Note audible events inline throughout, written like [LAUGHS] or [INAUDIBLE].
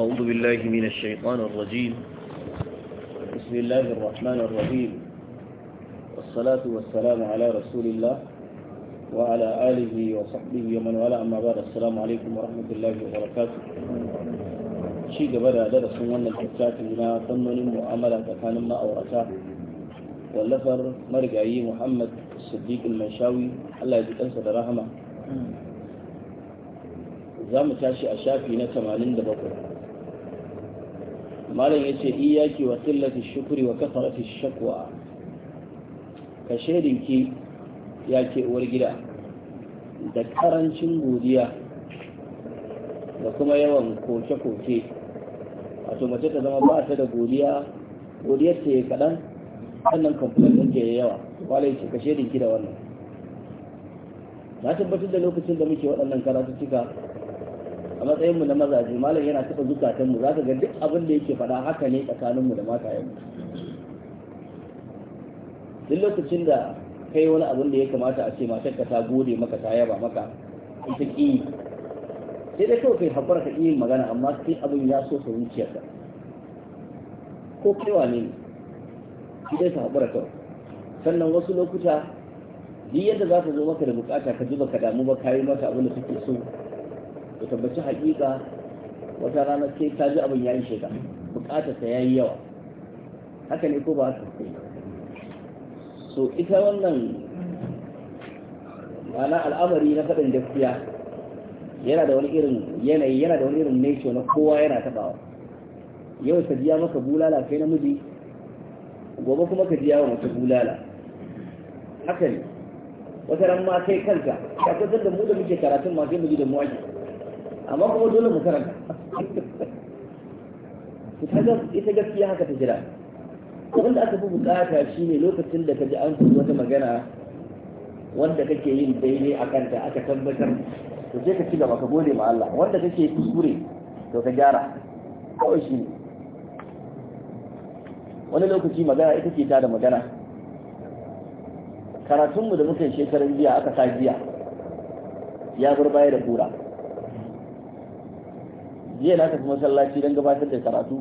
أعوذ بالله من الشيطان الرجيم بسم الله الرحمن الرحيم والصلاة والسلام على رسول الله وعلى آله وصحبه ومن والاه أما بعد السلام عليكم ورحمة الله وبركاته شيء قبل درس من الكتاب هنا ضمن المعاملة كان ما أورثاه واللفر مرجعي محمد الصديق المنشاوي الله يجزيه أنسى رحمه za mu tashi a shafi na 87 malam yace iyaki wa qillati shukri wa kasrati shakwa ka ya ke uwar gida da karancin godiya da kuma yawan koke-koke wato mace ta zama ba ta da godiya godiyar ta yi kaɗan wannan kamfanin ɗin ke yawa kwalai ce kashe dinki da wannan na tabbatar da lokacin da muke waɗannan cika a matsayin mu na mazaje malam yana taɓa zukatan mu zaka ga duk abin da yake faɗa haka ne tsakanin mu da matayen mu duk lokacin da kai wani abin da ya kamata a ce matar ka ta gode maka ta yaba maka ita ki sai dai kawai kai hakura ka yin magana amma sai abin ya so ka zuciyarka ko wane ne shi dai ka hakura kawai sannan wasu lokuta duk yadda za ka zo maka da bukata ka ji ba ka damu ba kayi mata abin da suke so Ka tabbaci haƙiƙa wata rana sai ta ji abin yayin shiga bukatar ta yayi yawa haka ne ko ba haka so ita wannan ma'ana al'amari na faɗin gaskiya yana da wani irin yanayi yana da wani irin nature na kowa yana taɓawa yau ka jiya maka bulala kai namiji gobe kuma ka jiya wa mace bulala haka ne wata ran ma kai kanka ka kusan da mu da muke karatun ma sai mu ji da mu ake amma kuma dole mu karanta ita gaskiya haka ta jira wanda da aka fi bukata shine lokacin da ka ji an kuma wata magana wanda kake yin daidai a kanta aka tabbatar to je ka ci gaba ka gode ma Allah wanda kake kuskure to ka gyara kawai shi wani lokaci magana ita ce ta da magana karatunmu da muke shekaran jiya aka sa jiya ya bar baya da kura jiya na tafi masallaci don gabatar da karatu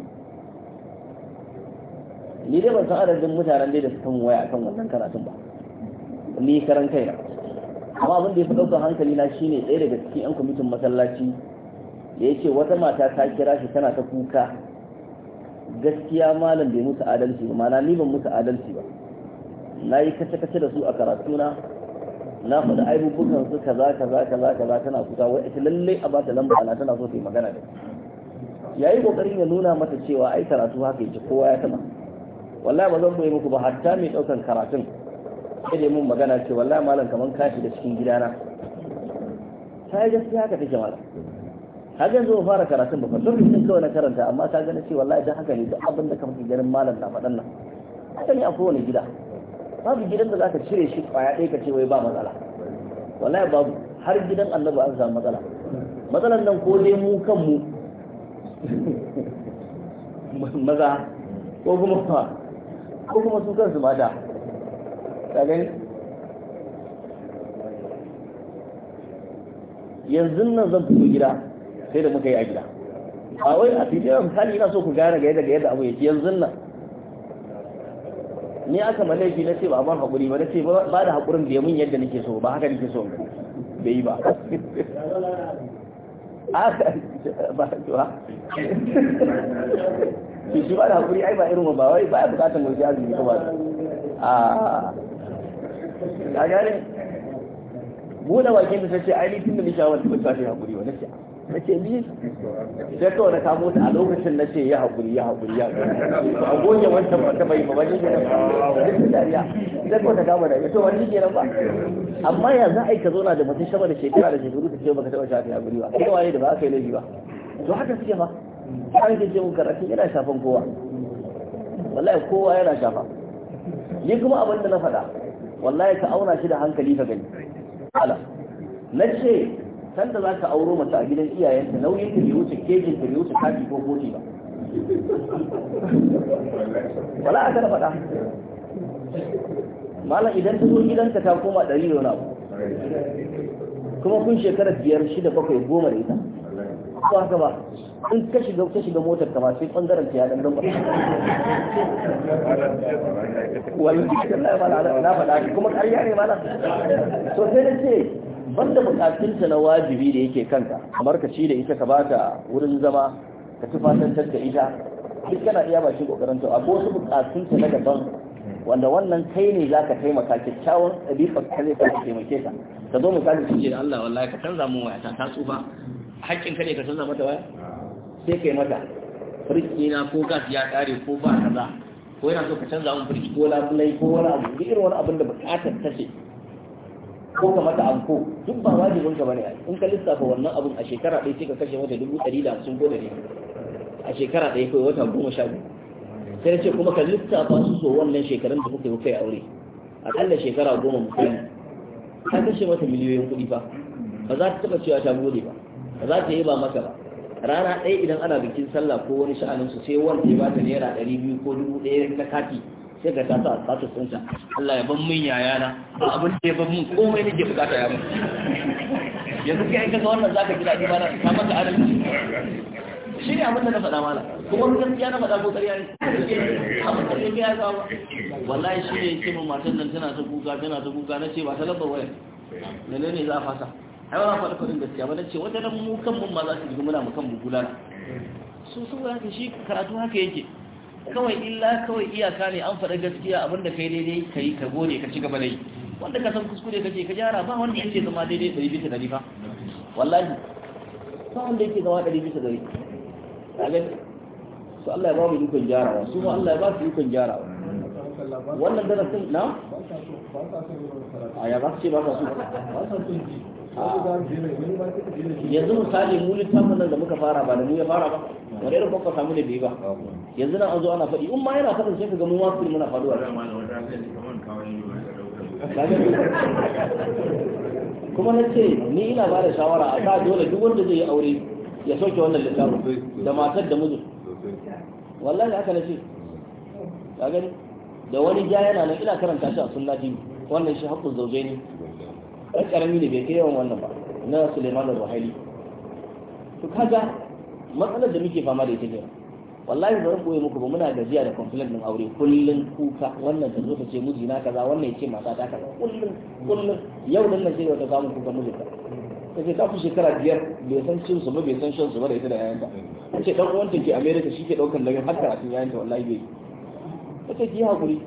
ni dai ban san adadin mutanen dai da suka mun waya akan wannan karatun ba ni karan kai na amma abin da ya fi ɗaukar hankali na shine ɗaya daga cikin yan kwamitin masallaci da ya ce wata mata ta kira shi tana ta kuka gaskiya malam bai musu adalci ba mana ni ban musu adalci ba na yi kace-kace da su a karatuna na faɗi aibubukan su kaza kaza kaza kaza tana kuka wai ita lallai a ba ta lamba ana tana so ta yi magana da yayi kokarin ya nuna mata cewa ai karatu haka yake kowa ya taba wallahi ba zan koyi muku ba hatta mai daukan karatun sai mun magana ce wallahi malam kaman kashi da cikin gidana ta yi gaskiya haka take malam har yanzu ba fara karatun ba fa sun sun kawai na karanta amma ta gani ce wallahi dan haka ne duk abin da kamar ganin malam na faɗan nan haka ne a kowane gida babu gidan da za ka cire shi kwaya ɗaya ka ce wai ba matsala wallahi babu har gidan annabi an samu matsala matsalan nan ko dai mu kanmu [LAUGHS] maza ko kuma ko kuma su kansu mata ta gani yanzu nan zan fito gida sai da muka yi a gida a wai a fito yawan misali ina so ku gane ga yadda ga yadda abu ya ci. yanzu nan ni aka ma laifi na ce ba ban haƙuri ba na ce ba da haƙurin da ya mun yadda nake so ba haka nake so bai yi ba [LAUGHS] ba cewa shi shi ba da haƙuri ai ba irin ba wai ba ya bukatar mai jihar ne ba a ya gane buɗe bakin da ta ce ainihin da nisha wata wata ta haƙuri wa nasiya nake bi sai kawai na kamo ta a lokacin na ce ya haƙuri ya haƙuri ya haƙuri a goge wancan wata bai ba wani kenan ba duk dariya sai kawai ta kama da to wani kenan ba amma ya za a yi ka na da mutum shaba da shekara da shekaru ta ce baka taɓa shafi haƙuri ba kai waye da ba ka yi laifi ba to haka suke ba an ke ce mun karatu yana shafan kowa wallahi kowa yana shafa ni kuma abin da na faɗa wallahi ka auna shi da hankali ka gani ala na ce da za ka auro mace a gidan iyayenta nauyin ta bai wuce kejin ta bai wuce kati ko koti ba wala aka da faɗa malam idan ta zo gidanka ta koma ɗari da wani abu kuma kun shekara biyar shida bakwai goma da ita ko haka ba in ka shiga ka shiga motar ka ba sai bangaren ta ya dan dan wallahi na faɗa kuma ƙarya ne malam so sai da ce banda bukatunta na wajibi da yake kanka kamar ka ci da ita ka bata wurin zama ka tufatantar da ita duk kana iya shi kokarin ta abu wasu bukatunta na daban wanda wannan kai ne za ka taimaka kyakkyawan ɗabi'ar ka zai ka taimake ka ka zo misali su ce da Allah wallahi ka canza mun waya ta tsufa haƙƙin ka ne ka canza mata waya sai kai mata firki na ko gas ya ƙare ko ba kaza ko yana so ka canza mun firki ko labulai ko wani abu duk irin wani abin da bukatar ta ce ko ka mata anko duk ba wajibin ka bane in ka lissafa wannan abun a shekara ɗaya sai ka kashe mata dubu ɗari da hamsin ko da ne a shekara ɗaya kawai wata goma sha biyu sai ce kuma ka lissafa su so wannan shekarun da kuka yi kai aure aƙalla shekara goma mutum ka kashe mata miliyoyin kuɗi ba ba za ta taɓa cewa ta gode ba ba za ta yi ba maka ba rana ɗaya idan ana bikin sallah ko wani sha'anin su sai wanda ya ta naira ɗari biyu ko dubu ɗaya na kati sai ka tasa a status ɗinsa Allah ya ban min yayana abin da ya ban min komai nake bukata ya mun yanzu kai ka ga wannan zaka ji daɗi mana ka maka adalci shi ne abin da na faɗa mana kuma wani gaskiya na faɗa ko ƙarya ne abin da ya zama ba wallahi shi ne yake min matan nan tana ta kuka tana ta kuka na ce ba ta lamba waya ne ne za a fasa ai ba faɗa faɗin gaskiya ba na ce wajen mu kan mun ma za su ji muna mu kan mu gulana su su shi karatu haka yake kawai illa kawai iyaka ne an faɗa gaskiya abinda kai daidai ka yi ka gode ka ci gaba da yi wanda ka san kuskure kake ka gyara ba wanda yake zama daidai ɗari bisa ɗari ba wallahi ba wanda yake zama ɗari bisa ɗari kaga su Allah ya ba mu ikon gyarawa su ma Allah ya ba su ikon gyarawa wannan darasin na a ya ba su ce ba su ah. yanzu misali mu littafin nan da muka fara ba da mu ya fara ba wanda irin kuka samu da biyu ba yanzu na an zo ana faɗi in ma yana faɗin sai ka ga mu ma su muna faɗuwa kuma na ce ni ina ba da shawara a sa dole duk wanda zai yi aure ya soke wannan littafin da matar da mijin wallahi haka na ce ka gani da wani ja yana nan ina karanta shi a sunna tv wannan shi haƙƙun zauje ne ɗan ƙarami ne bai kai yawan wannan ba na suleiman da ruhaili to kaga matsalar da muke fama da ita jira, wallahi ba zan koyi muku ba muna gajiya da complaint din aure kullun kuka wannan ta zo ta ce miji na kaza wannan ya ce mata ta kaza kullun kullun yau nan na ce da ta samu kuka miji ta ta ce ta shekara biyar bai san cin su ba bai san shan su ba da ita da yayanta ta ce dan uwanta ke america shi ke daukan nauyin har karatun yayanta wallahi bai ta ce ki hakuri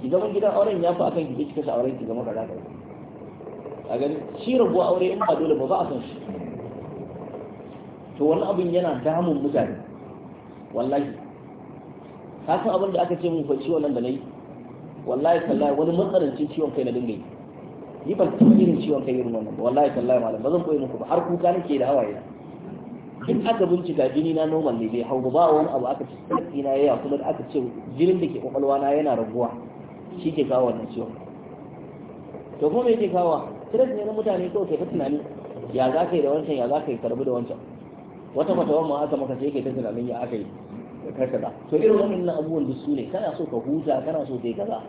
ki zama gidan auren ya fi akan ki kashe auren ki zama kaza kaza a gani shi rabuwa aure in ba dole ba ba a san shi to wani abin yana damun mutane wallahi ka san abin da aka ce mun kwanci wannan nan da yi, wallahi tallahi wani matsarancin ciwon kai na dinga yi ni ba ta irin ciwon kai irin wannan wallahi tallahi malam ba zan koyi muku ba har kuka nake da hawaye na in aka bincika jini na normal ne bai hau ba wani abu aka ce tsaki na yaya kuma aka ce jinin da ke kwakwalwa na yana raguwa shi ke kawo wannan ciwon to kuma me yake kawo stress ne na mutane kawai kai ta tunani ya za ka yi da wancan ya za ka yi karbi da wancan wata fatawar ma aka maka sai kai ta tunanin ya aka yi kaza to irin waɗannan abubuwan duk su ne kana so ka huta kana so kai kaza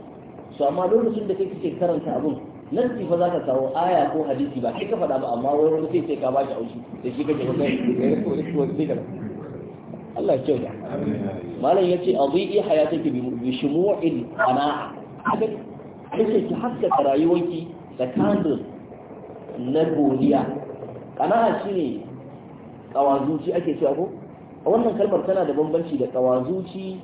to amma lokacin da kai kake karanta abun nan fa za ka kawo aya ko hadisi ba kai ka faɗa ba amma wai wani sai sai ka ba shi aushi da shi kake kai Allah ya kyauta malam yace adhi'i hayataki bi shumu'il ana kace ki haskaka rayuwarki da kandu na godiya kana shine kawazuci ake cewa ko wannan kalmar tana da bambanci da kawazuci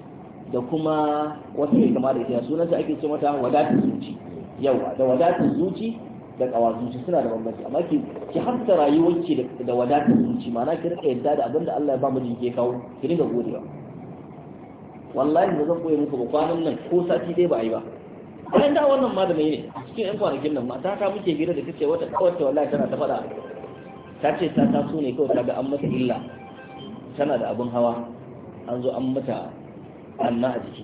da kuma wata mai kama da ita sunanta ake ce mata wadatar zuci yawa da wadatar zuci da kawazuci suna da bambanci amma ki ki hafta ki da wadatar zuci ma'ana ki rika yadda da abinda Allah ya ba mijin ke kawo ki dinga godewa wallahi da zan koyi muku ba kwanan nan ko sati dai ba a yi ba a da wannan mai ne cikin yan kwanakin nan mata ta muke gida da kace wata kawai wallahi tana ta faɗa ta ce ta taso ne kawai kaga an mata illa tana da abin hawa an zo an mata anna a jiki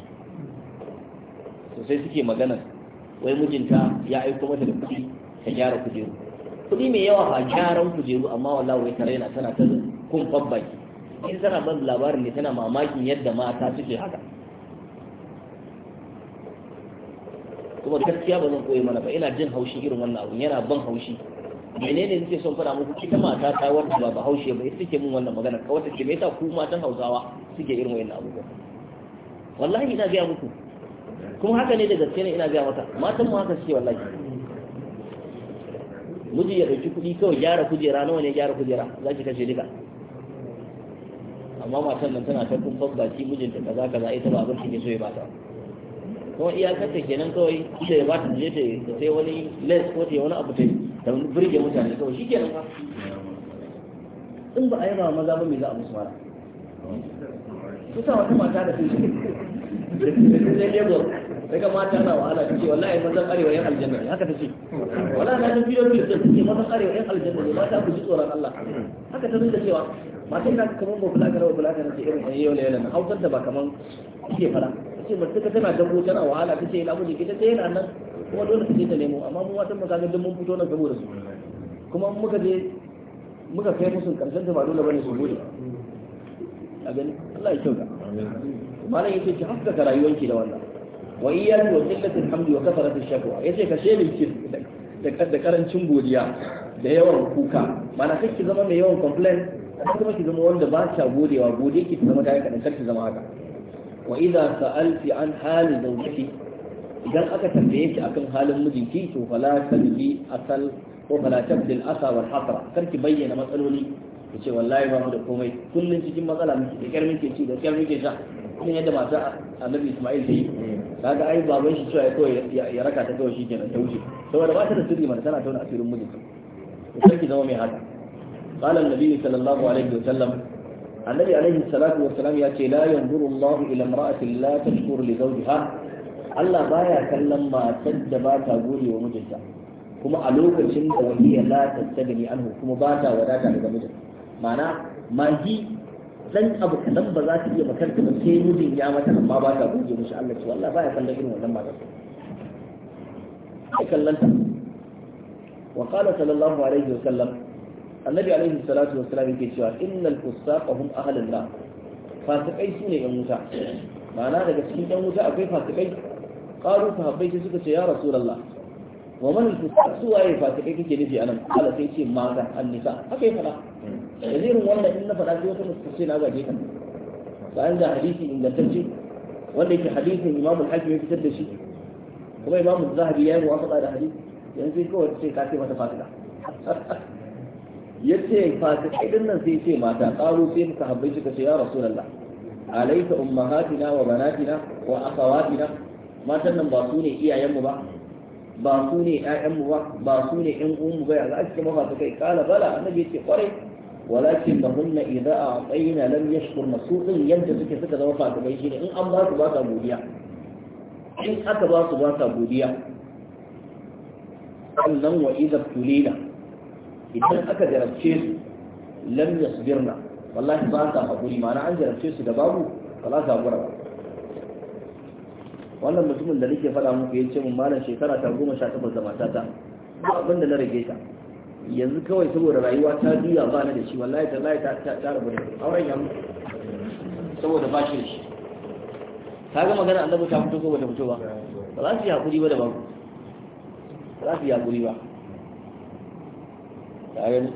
sai suke magana wai mijinta ya aiko mata da kuɗi ta gyara kujeru kuɗi mai yawa ba gyaran kujeru amma wallahi wai tare na tana ta kun babbaki in tana ban labarin ne tana mamakin yadda mata suke haka kuma gaskiya ba zan koyi mana ba ina jin haushi irin wannan abu yana ban haushi menene nake son fara muku ita mata ta wanda ba bahaushe ba ita take min wannan magana ka wata ce me yasa ku matan Hausawa suke irin wayannan abubuwa wallahi ina ga muku kuma haka ne da gaske ne ina ga mata matan mu haka suke wallahi miji ya dauki kuɗi kawai gyara kujera nawa ne gyara kujera za ki kashe duka amma matan nan tana ta kumfan baki mijinta kaza kaza ita ba abin take so ya bata kuma iyakar ta kenan kawai ita ya bata je ta sai wani les ko ta wani abu ta yi da burge mutane kawai shi kenan fa in ba a yaba wa maza ba me za a musu mara Kusa sa wata mata da su sai lagos sai ka mata na wahala ta ce wallahi mazan arewa yan aljanna ne haka ta ce wallahi na ta bidiyo bidiyo ta ce mazan arewa yan aljanna ne mata ku ji tsoron Allah haka ta nuna cewa mata ina ka kaman bafula ka rawa bulaka na ce irin ɗan yau yau na hausar da ba kaman ke fara ta ce mutum tana dabo tana wahala ta ce ina mijin ita ta yana nan kuma dole su je ta nemo amma mu matan maza duk mun fito nan saboda su kuma muka je muka kai musu karshen ta ba dole bane su gode a gani Allah ya kyauta malam yace ki ka rayuwanki da wannan wa iyyaku wa qillatil hamdi wa kasratil shakwa yace ka shebe ki da karancin godiya da yawan kuka mana kai ki zama mai yawan complain kai kuma ki zama wanda ba ta godewa godiya ki zama kai kadan kar ki zama haka wa idza sa'alti an hali zawjati idan aka tambaye ki akan halin mijinki to fala talbi asal ko fala tabdil asa wal hasra kar ki bayyana matsaloli ki ce wallahi ba mu da komai kullun cikin matsala miki da kyar muke ci da kyar muke sha kun yadda mata annabi Ismail ta yi hmm. kaga ai baban shi cewa kawai ya raka ta kawai shikenan ta wuce saboda ba ta da sirri mana tana tauna asirin mijinta to sai ki zama mai haka قال النبي صلى الله عليه وسلم النبي عليه الصلاة والسلام يأتي لا ينظر الله إلى امرأة لا تشكر لزوجها Allah baya kallon matar da ba ta gode wa mijinta kuma a lokacin da wani waliya la tattabi anhu kuma ba ta wadata daga mijin ma'ana magi dan abu kadan ba za ta iya makarta ba sai mijin ya mata amma ba ta gode mishi Allah ce Allah baya kallon irin wannan matar sai kallon ta wa qala sallallahu alaihi wa sallam annabi alaihi salatu wa salam yake cewa innal fusaqa hum ahlun nar fasikai sune yan wuta ma'ana daga cikin yan wuta akwai fasikai qalu sahabbai sai suka ce ya rasulullah wa man al-fusaq su waye anan Allah sai ce mata an-nisa haka ya fada yanzu wannan in na fada sai wata na gaje kan bayan da hadisi ingantacce wanda yake hadisin Imam al-Hakim fitar da shi kuma Imam az-Zahabi ya yi muwafaqa da hadisi kawai ka ce mata ya ce nan sai ce mata ƙaro sai muka habbai suka ce ya rasulallah alaika ummahatina wa banatina wa akhawatina matan nan ba su ne iyayenmu ba ba su ne ƴaƴanmu ba ba su ne ƴan uwanmu ba yanzu ake ba su kai kala bala annabi yace kwarai walakin da hunna idza a'tayna lam yashkurna su din yanda suke suka zama fasikai shine in an ba su ba sa godiya in aka ba su ba sa godiya sannan wa idza tulina idan aka jarabce su lam yasbirna wallahi ba sa hakuri ma'ana an jarabce su da babu kala za su ba wannan mutumin da nake faɗa muku ya ce mun malam shekara ta goma sha takwas da matata ba abin da na rage ta yanzu kawai saboda rayuwa ta juya ba na da shi wallahi ta lai ta rabu da auren ya mutu saboda ba shi shi ta ga magana annabi ta fito ko bata fito ba ba za su yi hakuri ba da babu ba za su yi hakuri ba ta gani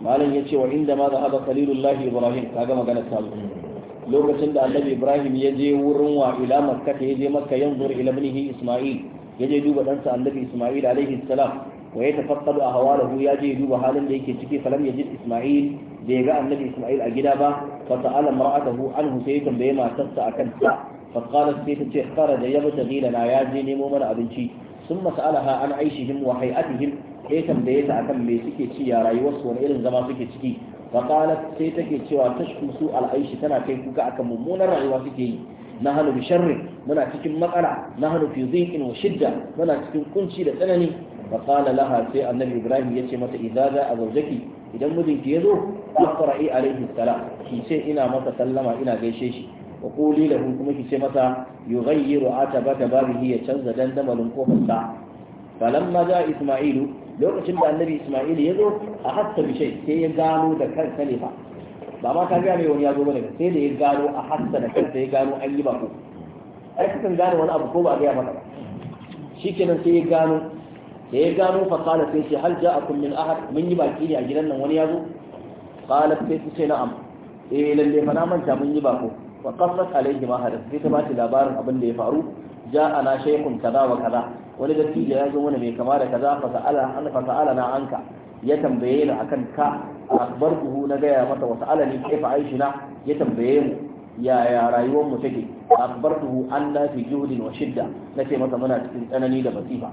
malam ya ce wa inda ma zahaba khalilullah ibrahim ta ga magana ta zuwa lokacin da annabi ibrahim ya je wurin wa ila makka ya je makka yanzu ila ibnihi isma'il ya je duba ɗansa annabi isma'il alaihi salam wa ya tafaqqadu ahwalahu ya je duba halin da yake ciki falam yajid isma'il bai ga annabi isma'il a gida ba fa ta'ala mar'atahu anhu sai tambaye matarsa akan sa fa qalat sai ta ce kharaja yabtaghi lana ya je nemo mana abinci ثم سألها عن عيشهم وهيئتهم sai tambaye ta akan me suke ci ya rayuwarsu wani irin zama suke ciki wa qalat sai take cewa tashku su al'aishi tana kai kuka akan mummunar rayuwa suke yi nahnu bi sharrin muna cikin matsala nahnu fi dhiqin wa shidda muna cikin kunci da tsanani fa laha sai annabi ibrahim ya ce mata idza za a zaujaki idan mijinki yazo aqra'i alaihi salam ki ce ina masa sallama ina gaishe shi wa quli kuma ki ce masa yughayyiru atabaka babihi ya canza dandamalin kofar sa maza za isma'ilu lokacin da annabi Isma'il ya zo a hassa bishai sai ya gano da kansa ne ba ba ma ka gane wani ya zo bane sai da ya gano a hasta da kansa ya gano an yi ba ko ai kuka gane wani abu ko ba ga ya maka ba shikenan sai ya gano sai ya gano fa qala sai ce hal ja'akum min ahad mun yi baki ne a gidan nan wani ya zo qala sai su ce na'am eh lalle fa na manta mun yi bako fa qasat alayhi ma hadath sai ta ba shi labarin abin da ya faru ja'ana shaykhun kaza wa kaza wani dattijo ya zo mana mai kama da kaza fa sa'ala an fa sa'ala na anka ya tambaye ni akan ka akbartuhu na gaya masa wa sa'ala ni kaifa aishina ya tambaye mu yaya rayuwar mu take akbartuhu an la fi juhdin wa shidda nace masa muna cikin tsanani da masifa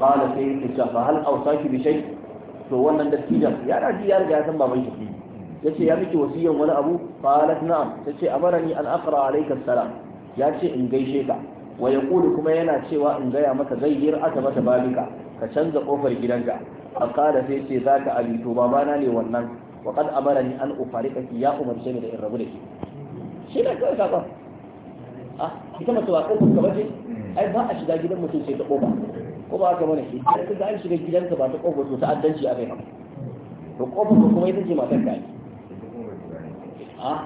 qala sai yake cewa fa hal awsaki bi shay to wannan dattijan ya daji ya riga ya san baban shi yace ya miki wasiyan wani abu qalat na'am ce tace ni an aqra alayka salam ce in gaishe ka wa yaqulu kuma yana cewa in gaya maka zayyir aka mata babika ka canza kofar gidanka a kada sai ce ka abi to baba na ne wannan wa amara ni an ufarikaki ya umarce ni da in rabu da ke shi da kawai sakon a ah, ita mace ba kofar ka bace ai ba a shiga gidan mutum sai ta kofa ko ba haka shi idan ka ga an shiga gidanka ba ta kofa to ta addanci a kai to kofar ka kuma ita ce matar ka a ah,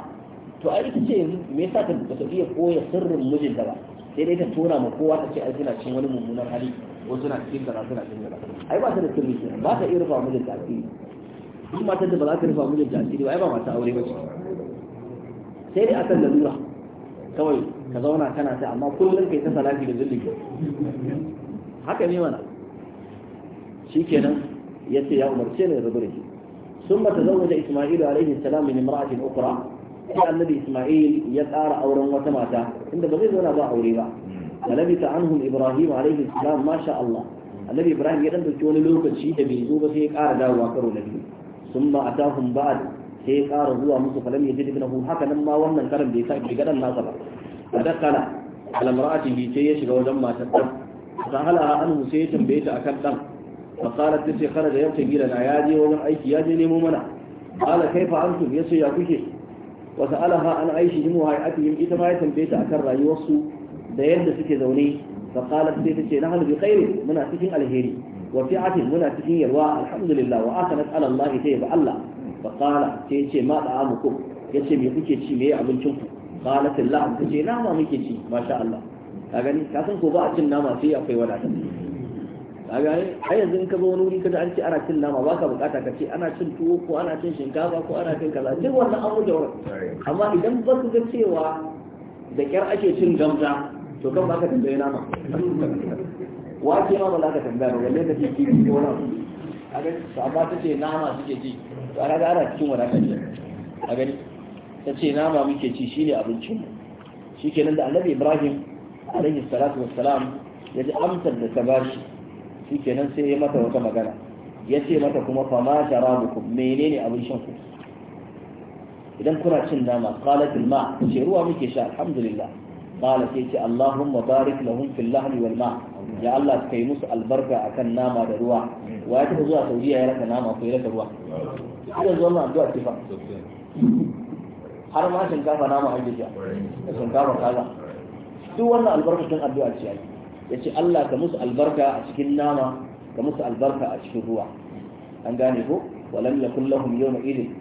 to ai ita ce yanzu me yasa ka tafi ya koya sirrin mijinta ba sai dai ta tona ma kowa ta ce ai suna cin wani mummunar hali ko suna cikin kaza suna cikin kaza ai ba ta da sirri kenan ba ta iya rufa mijin ta asiri duk matar da ba za ta rufa mijin ta asiri ba ai ba mata aure ba ce sai dai akan lalura kawai ka zauna kana ta amma kullum kai ta salafi da zulli haka ne mana Shi kenan ya ce ya umarce ne da shi. Sun zuri ثم تزوج إسماعيل عليه السلام من امرأة أخرى sai annabi isma'il ya tsara auren wata mata inda ba zai zauna ba aure ba hmm. falabi ta anhum ibrahim alaihi salam masha Allah annabi ibrahim ya dan dauki wani lokaci da bai zo ba sai ya ƙara dawowa karo na biyu summa atahum ba'd sai ya ƙara zuwa musu falam yajid ibnahu haka nan ma wannan karan bai sake shiga dan nasa ba fadakala ala mar'atihi sai ya shiga wajen matar dan sahala anhu sai ya tambaye ta akan dan فقالت تسي خرج يبتغي لنا يا جي ومن أيك يا جي نيمو منا قال كيف أنتم يسي يا كشي wa alaha an aishihim wa hayatihim ita ma ya tambaye ta akan rayuwarsu da yadda suke zaune fa qalat sai tace nahnu bi khairin muna cikin alheri wa fi'atin muna cikin yarwa alhamdulillah wa aka nas'al Allah ta yaba Allah fa qala sai yace ma da'amukum yace me kuke ci me abincin ku qalat Allah tace nama muke ci masha Allah ka gani ka san ko ba a cin nama sai akwai wadata kaga ai yanzu in ka zo wani wuri kada an ce ana cin nama ba ka bukata ka ce ana cin tuwo ko ana cin shinkafa ko ana cin kaza duk wannan abu da wurin amma idan ba su ga cewa da kyar ake cin gamza to kan ka tambaye nama wa ke ma ba za ka tambaya ba lalle ka ce kifi ko wani abu a gani to amma ta ce nama suke ci to ana ga ana cikin wadata ce a gani ta ce nama muke ci shine abincin shikenan da annabi ibrahim alaihi salatu wassalam ya ji amsar da ta bashi shikenan sai ya mata wata magana ya ce mata kuma fa ma sharabukum menene abin shan ku idan kuna cin nama qalat al ma ce ruwa muke sha alhamdulillah qala sai ce allahumma barik lahum fil lahmi wal ma ya Allah kai musu albarka akan nama da ruwa wa ya tafi zuwa Saudiya ya raka nama ko ya raka ruwa ina zuwa ma addu'a ce fa har ma shinkafa nama an jiya shinkafa kaza duk wannan albarkatun addu'a ce ake yace Allah ka musu albarka a cikin nama ka musu albarka a cikin ruwa an gane ko walam yakul lahum yawma idin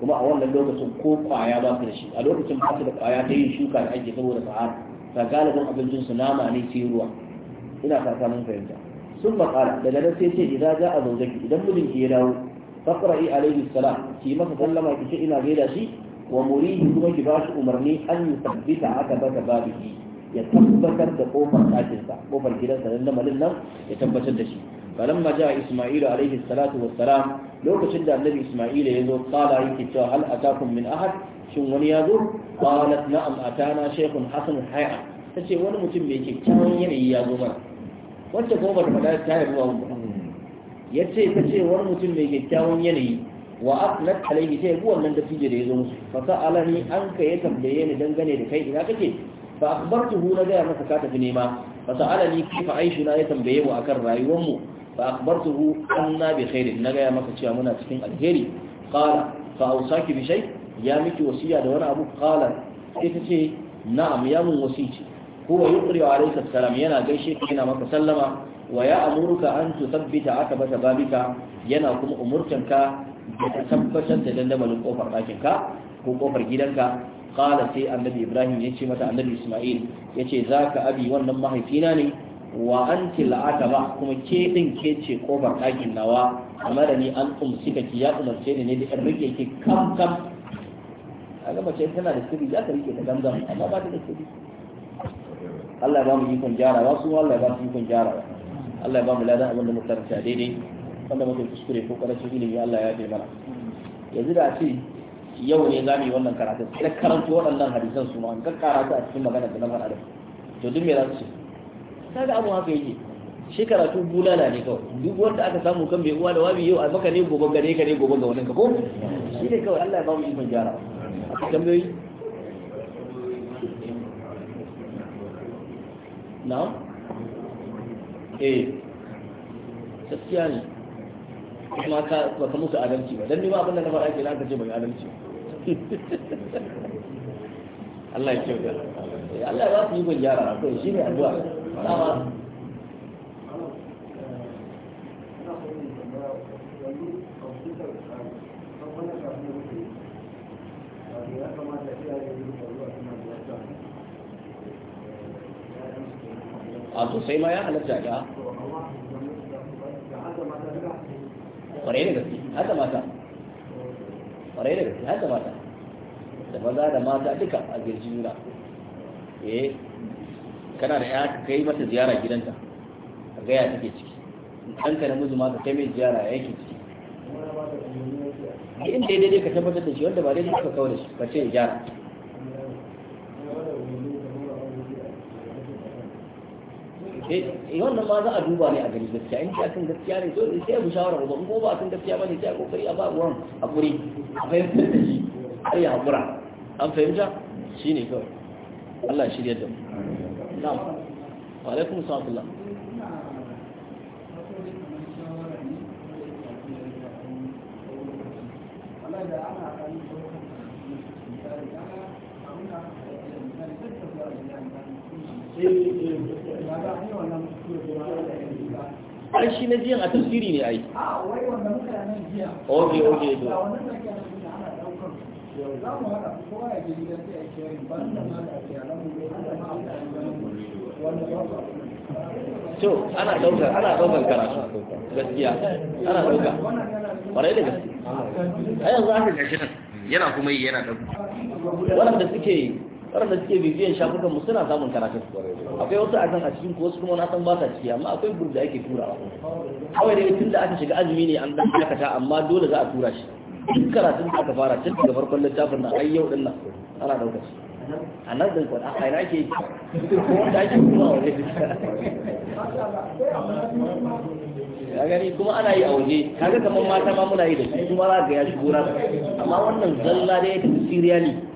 kuma a wannan lokacin ko kwaya ba su da shi a lokacin ba su da kwaya ta yin shuka da ake saboda sa'ar ta galibin abincin su nama ne sai ruwa ina fata mun fahimta sun makara daga nan sai ce idan za a zaujaki idan mijinki ya dawo faqra'i alaihi salam ki masa sallama ki ce ina gaida shi wa murihi kuma ki ba shi umarni an yusabbita aka baka babihi ya tabbatar da kofar ɗakinsa kofar gidansa don lamarin nan ya tabbatar da shi فلما جاء إسماعيل عليه lokacin da annabi كشد yazo إسماعيل يزور min يكتا هل أتاكم من أحد شن وني يزور قالت نعم أتانا شيخ حسن حيعة wani mutum متم بيكي كان يني يزور mana قوبة kofar da yace ta ce wani mutum mai kyakkyawan yanayi wa asnat alaihi sai buwan nan da fije da yazo musu fa sa'alani an ka ya tambaye ni dangane da kai ina kake fa tuhu na gaya masa ka tafi nema fa sa'alani aishu na ya tambaye mu akan rayuwar mu fa hu anna bi khairin na gaya masa cewa muna cikin alheri qala fa awsaki bi shay ya miki wasiya da wani abu qala sai ta ce na'am ya mun wasici huwa yuqri alayka salam yana gaishe ka yana maka sallama wa ya amuruka an tuthabbita akabata babika yana kuma umurtanka da tabbatar da dandamalin kofar ɗakinka ko kofar gidanka qala sai annabi ibrahim ce mata annabi isma'il yace zaka abi wannan mahaifina ne wa anti ba kuma ke din ke ce kofar ɗakin nawa amma da ni an umsika ki ya umarce ni ne da in rike ki kam kam kaga mace tana da sirri za ta rike ta gamgam amma ba ta da sirri Allah ya ba mu ikon jarawa su Allah ya ba su ikon Allah ya ba mu ladan daidai wanda muka kuskure ko ilimi Allah ya bi yanzu da a yau ne za mu yi wannan karatu sai karanto waɗannan hadisan su ma an karatu a cikin magana da na faɗa da to duk me za su ce kaga abu haka yake shi karatu bulala ne kawai duk wanda aka samu kan bai uwa da wabi yau a maka ne gobe gare ka ne gobe ga wannan ka ko shi ne kawai Allah ya ba mu ikon jara. a tambayoyi Na? eh gaskiya ne kuma ka ka musu adalci ba dan nima ba abin da na fara ke na ka ce bai adalci ba Allah ya kyauta Allah ba su yi gun gyara akwai shi ne addu'a dama a sosai ma ya halatta ga kwarai da gaske hada mata kwarai da gaske har da mata da maza da mata duka a girgin yura. eh kana da ya kai mata ziyara gidanta ka gaya take ciki ka namiji ma ka kai mai ziyara ya yake ciki Yin daidai ka tabbatar da shi wanda ba daidai ka kawo da shi ka ce ya gyara Eh, eh wannan ma za a duba ne a gari gaskiya in akan gaskiya ne to sai mu shawara ba ko ba akan gaskiya bane sai a kokari a babu wani hakuri a fahimtar da shi har ya hakura an fahimta shine kawai Allah shirya da mu na'am wa alaikum assalam ai shi na jiyan a tafsiri ne ai oke oke to so ana daukar ana daukar karatu gaskiya ana daukar kwarai da gaskiya a yanzu aka gashi nan yana kuma yi yana daukar waɗanda suke waɗanda suke bibiyan shafukan mu suna samun kwarai akwai wasu a a cikin kowace kuma na san ba ta ciki amma akwai gurbi da ake turawa kawai dai tun da aka shiga azumi ne an dan dakata amma dole za a tura shi duk karatun da aka fara tun daga farkon littafin na ai yau din nan ana daukar shi a nan da kwana a ina ke yi ake kuma a ya gani kuma ana yi a waje kaga kamar mata ma muna yi da shi kuma za ga ya shigo na amma wannan zalla da ya tafi ne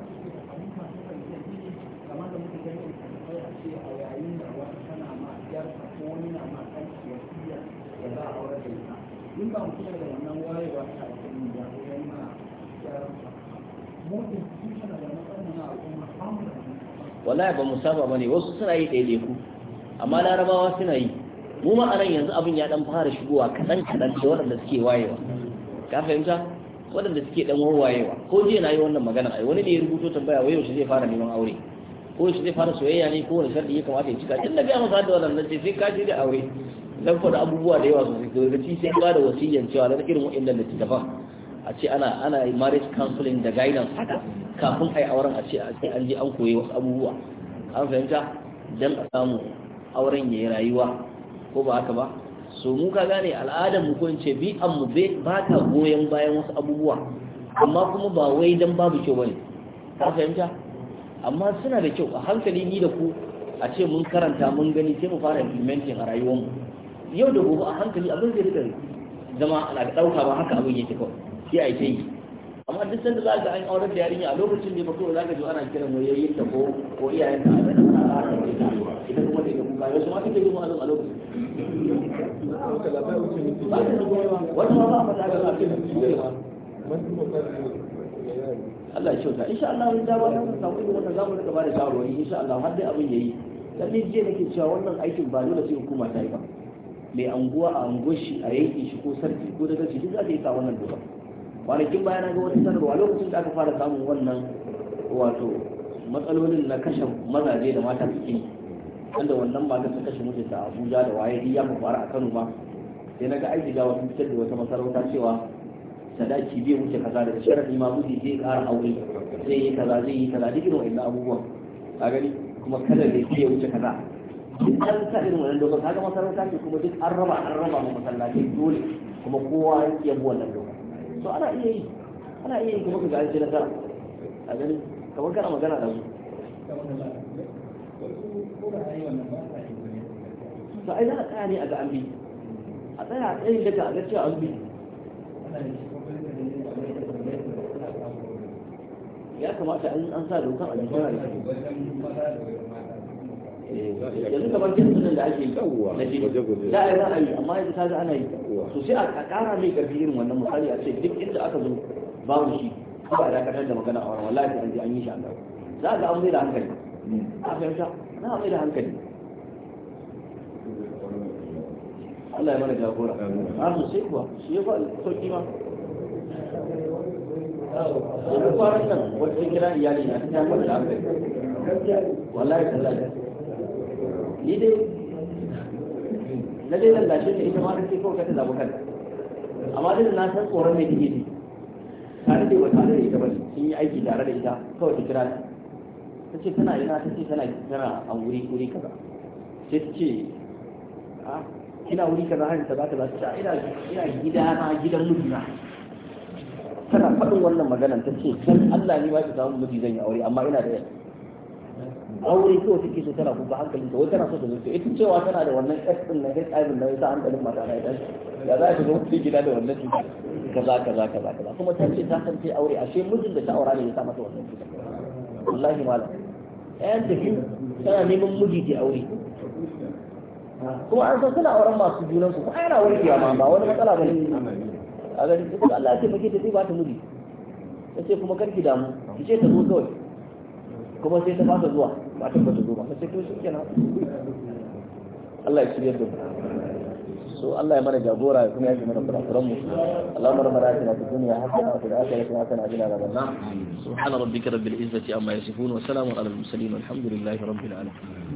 wani na ma aiki ya fiya ya za a da ita in ba mu kula da wannan wayewa ta a al'umma ya wajen ma yaran sa mu institutional da matsalar na al'umma da wallahi ba mu saba bane wasu suna yi ɗaya ku amma larabawa suna yi mu ma anan yanzu abin ya dan fara shigowa kaɗan kaɗan da waɗanda suke wayewa ka fahimta waɗanda suke dan wawayewa ko jiya na yi wannan magana ai wani ne ya rubuto tambaya wai yaushe zai fara neman aure ko shi zai fara soyayya ne ko wani sharɗi ya kamata ya cika in da biya masa da wannan ce sai ka da aure dan faɗa abubuwa da yawa sosai to ci sai ba da wasiyyan cewa na irin wa'annan tafa a ce ana ana marriage counseling da guidance haka kafin ai auren a ce a sai an je an koyi wasu abubuwa an fahimta dan a samu auren yayi rayuwa ko ba haka ba so mu ka gane al'adar mu ko in ce bi an mu ba ta goyon bayan wasu abubuwa amma kuma ba wai dan babu kyau bane ka fahimta amma suna da kyau a hankali ni da ku a ce mun karanta mun gani sai mu fara implementing a rayuwarmu yau da gobe a hankali abin zai rika zama ana da ɗauka ba haka abin yake kawai sai a yi ta yi amma duk sanda za ga an aure da yarinya a lokacin ne ba kawai za ka ji ana kiran wayoyin ta ko ko iyayen ta a zan ana ba ta ita ita kuma da kuka yau ma take zuwa a lokacin ba ta da wata ma ba a ba ga lafiya Allah ya kyauta insha Allah wani dama ta kuka kuɗi wannan zamu rika bada da shawarwari insha Allah har dai abin yayi dan ni je nake cewa wannan aikin ba dole sai hukuma ta yi ba mai anguwa a anguwar a yankin shi ko sarki ko daga shi duk za ta yi sa wannan doka kwanakin baya na ga wata sanarwa lokacin da aka fara samun wannan wato matsalolin na kashe mazaje da mata cikin wanda wannan ba ta kashe mijinta a Abuja da waye ya mu fara a Kano ma sai na ga aiki ga wata fitar da wata masarauta cewa sadaki zai wuce kaza da sharadi ma miji zai kara aure zai yi kaza zai yi kaza duk irin wannan abubuwan a gani kuma kada zai zai wuce kaza duk an sa irin wannan doka ga masarauta ce kuma duk an raba an raba ma masallaci dole kuma kowa ya bu wannan doka so ana iya yi ana iya yi kuma ka ga an ci nasara a gani kamar kana magana da su ba ai za a tsaya ne a ga an bi a tsaya a tsayin daga a ga cewa an bi ya kamata an an sa dokan a jikin rayuwa eh, yanzu kamar jinsin da ake yi na jini da a yi amma yanzu ta ana yi so sai a kara mai karfi irin wannan misali a ce duk inda aka zo babu shi ba a dakatar da magana a wani wallahi an ji an yi shi an za a ga an mai da hankali hmm. a fahimta na mai da hankali Allah ya mana jagora. Ah, sai kuwa, shi ya fa sauki ma. yanzu kwanan nan wata sun kira iyali na ta kwanta da aka wallahi tallahi ni dai na dai lallashe ta ita ma ta ce kawai ka ta zaɓi kanta amma dai na san tsoron mai take ji tare da wata da ita bane sun yi aiki tare da ita kawai ta kira ta ce tana ina ta ce tana tana a wuri wuri kaza sai ta ce ina wuri kaza hanyar ta za ta za ta ce ina gida na gidan mijina tana faɗin wannan maganar ta ce dan Allah ne ba ki samun miji zan yi aure amma ina da yadda aure ko take so tana kuma hankalin ta wata na so ta zo ita cewa tana da wannan S din na HIV na yasa hankalin mata na idan ya za ta zo cikin gida da wannan cuta kaza kaza kaza kaza kuma ta ce ta san ta aure ashe mijin da ta aura ne ya sa mata wannan cuta wallahi malam ɗayan ta biyu tana neman miji ta aure kuma an san suna auren masu junansu ko ana warkewa ma ba wani matsala ba ne a garin ita Allah ya ce mage ta zai ba ta miji ta ce kuma karki damu ki ce ta zo kawai kuma sai ta fasa zuwa ba ta ba zuwa zo ta ce to shi kenan Allah ya shirya da so Allah ya mana jagora kuma ya ji mana kurakuran mu Allah mara mara ta fi duniya ta wa fil akhirati hasana ajina da banna subhana rabbika rabbil izzati amma yasifun wa salamun alal mursalin alhamdulillahi rabbil alamin